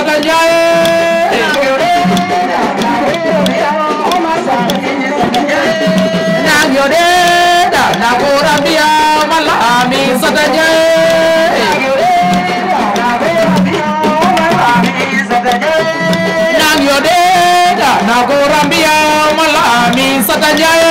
Fata Ndiaye ñaag yo de da na ko rabia wala ami Sata Ndiaye ñaag yo de da na ko rabia wala ami Sata Ndiaye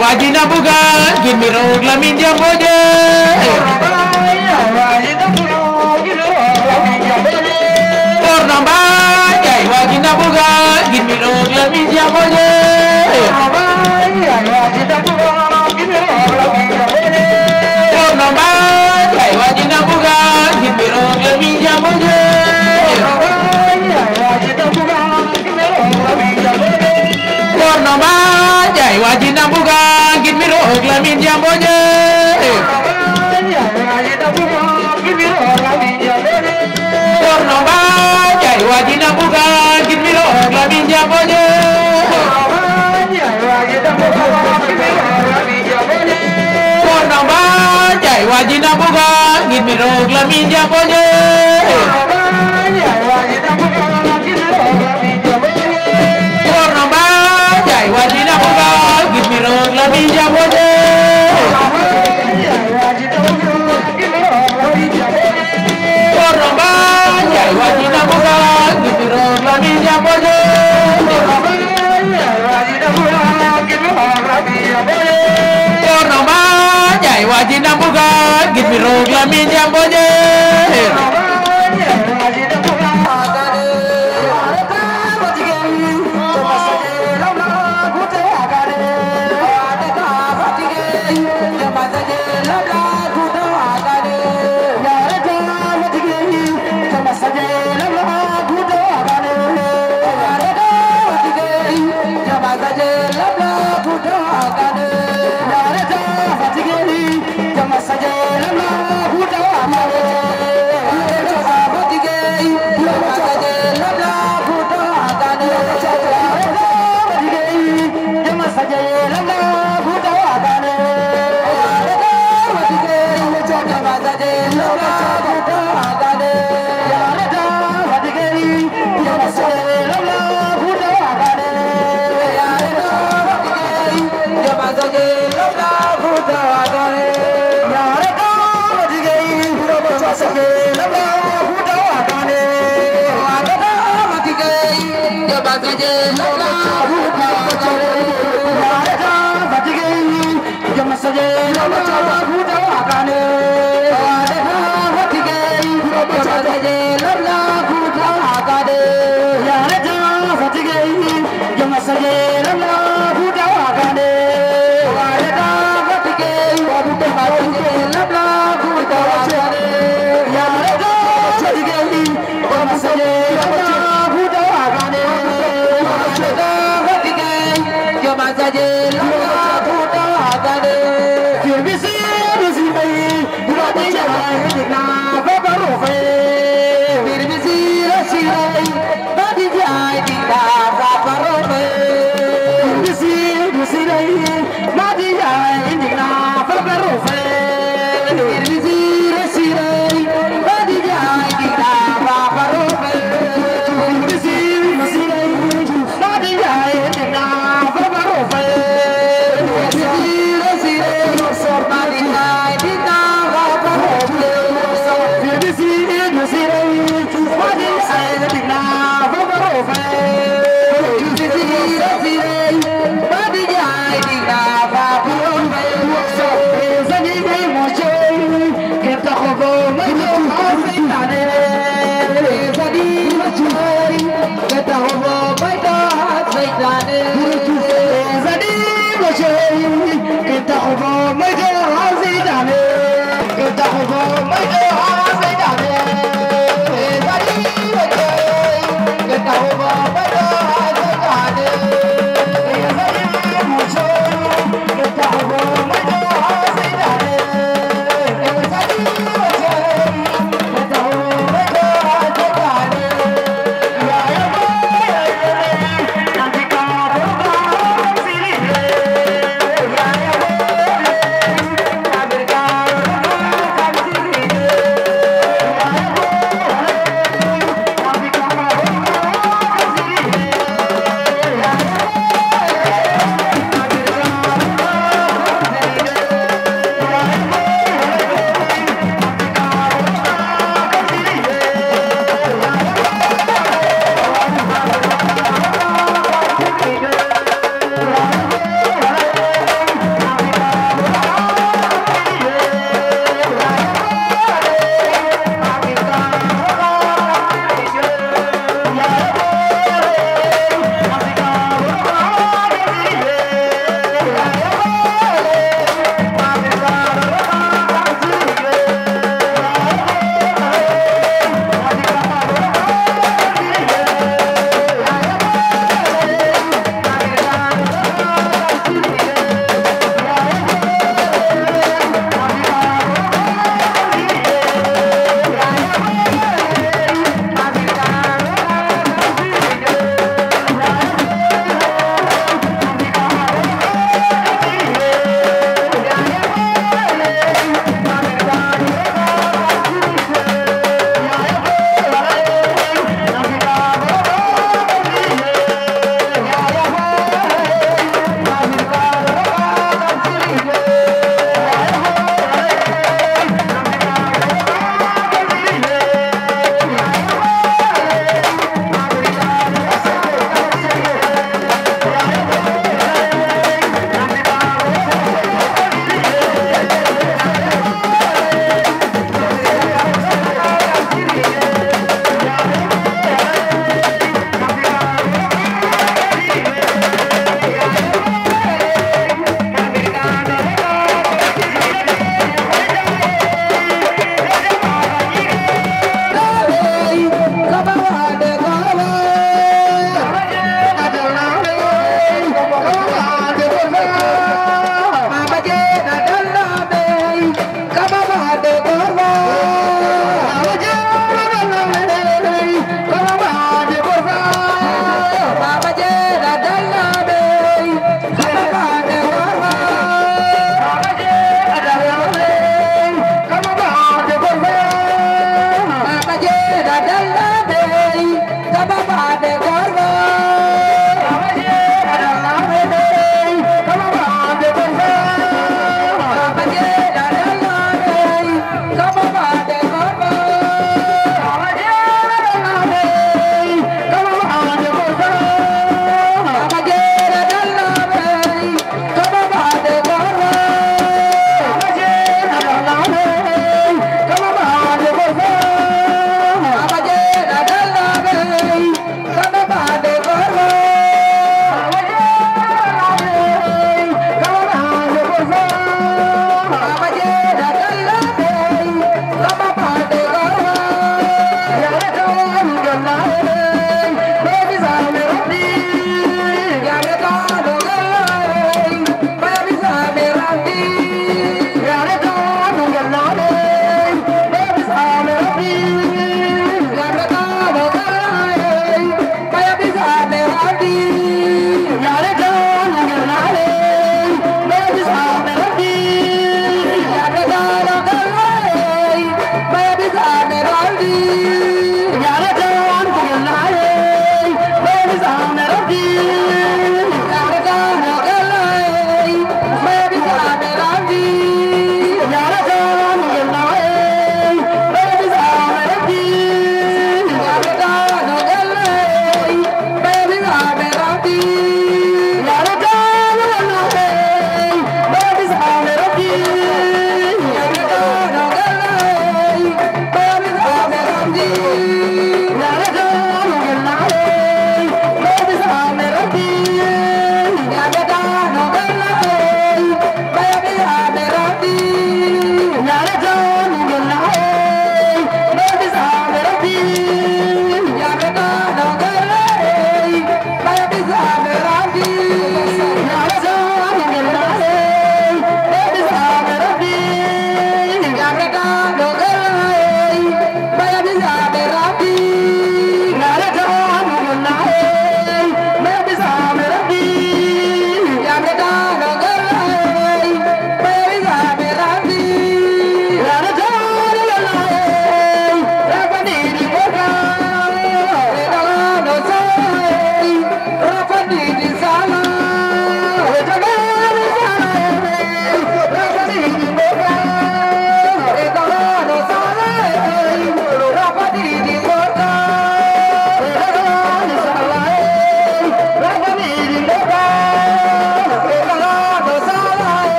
wajina buga give me road la min dia mode Ornamba, yeah, wajina buga, give me road la min dia mode Kimi rogla minja bonye Roog Lamin Jambo जगे जाजे baba de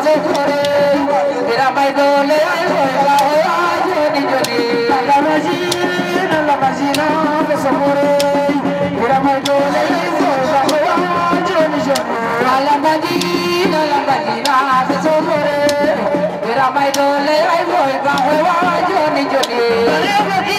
Ramai dole ay boy ba hoy wa joni joni. Bari bari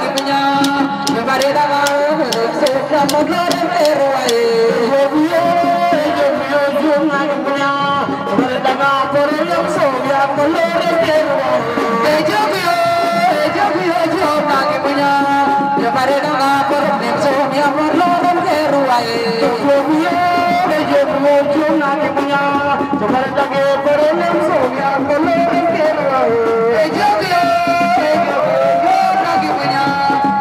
pared abajo de su amor no le perro ahí. Llovió, llovió, llovió, llovió, verdad, por el oxobia, por lo de perro. Que llovió, llovió, llovió, que pared abajo por el oxobia, por lo de perro ahí. Llovió, llovió, llovió, verdad, por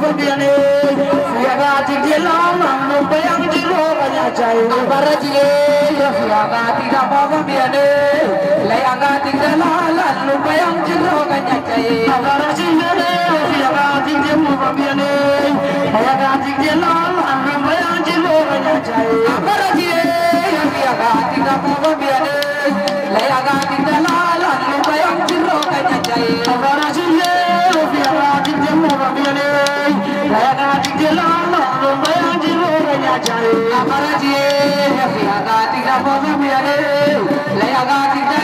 fudiyane yaga tigila manu bayang dilo kanya cai bara tige a tiga baba biyane layaga tigila lanu bayang dilo kanya cai bara tigile yaga tigila baba biyane yaga tigila manu bayang dilo kanya cai bara tige yaga tiga baba Aparatie, Leagati, Leagati, Leagati,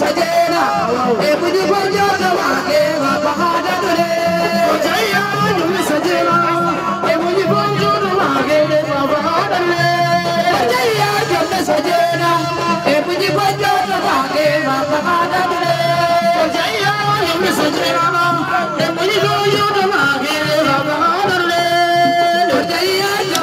sajena e budi gonjo ga wa ke wa bahada dure o jaya nu sajena e budi gonjo ga wa ke wa bahada dure o jaya nu sajena e budi gonjo ga wa ke wa bahada dure o jaya nu sajena e budi gonjo ga wa ke wa bahada dure o jaya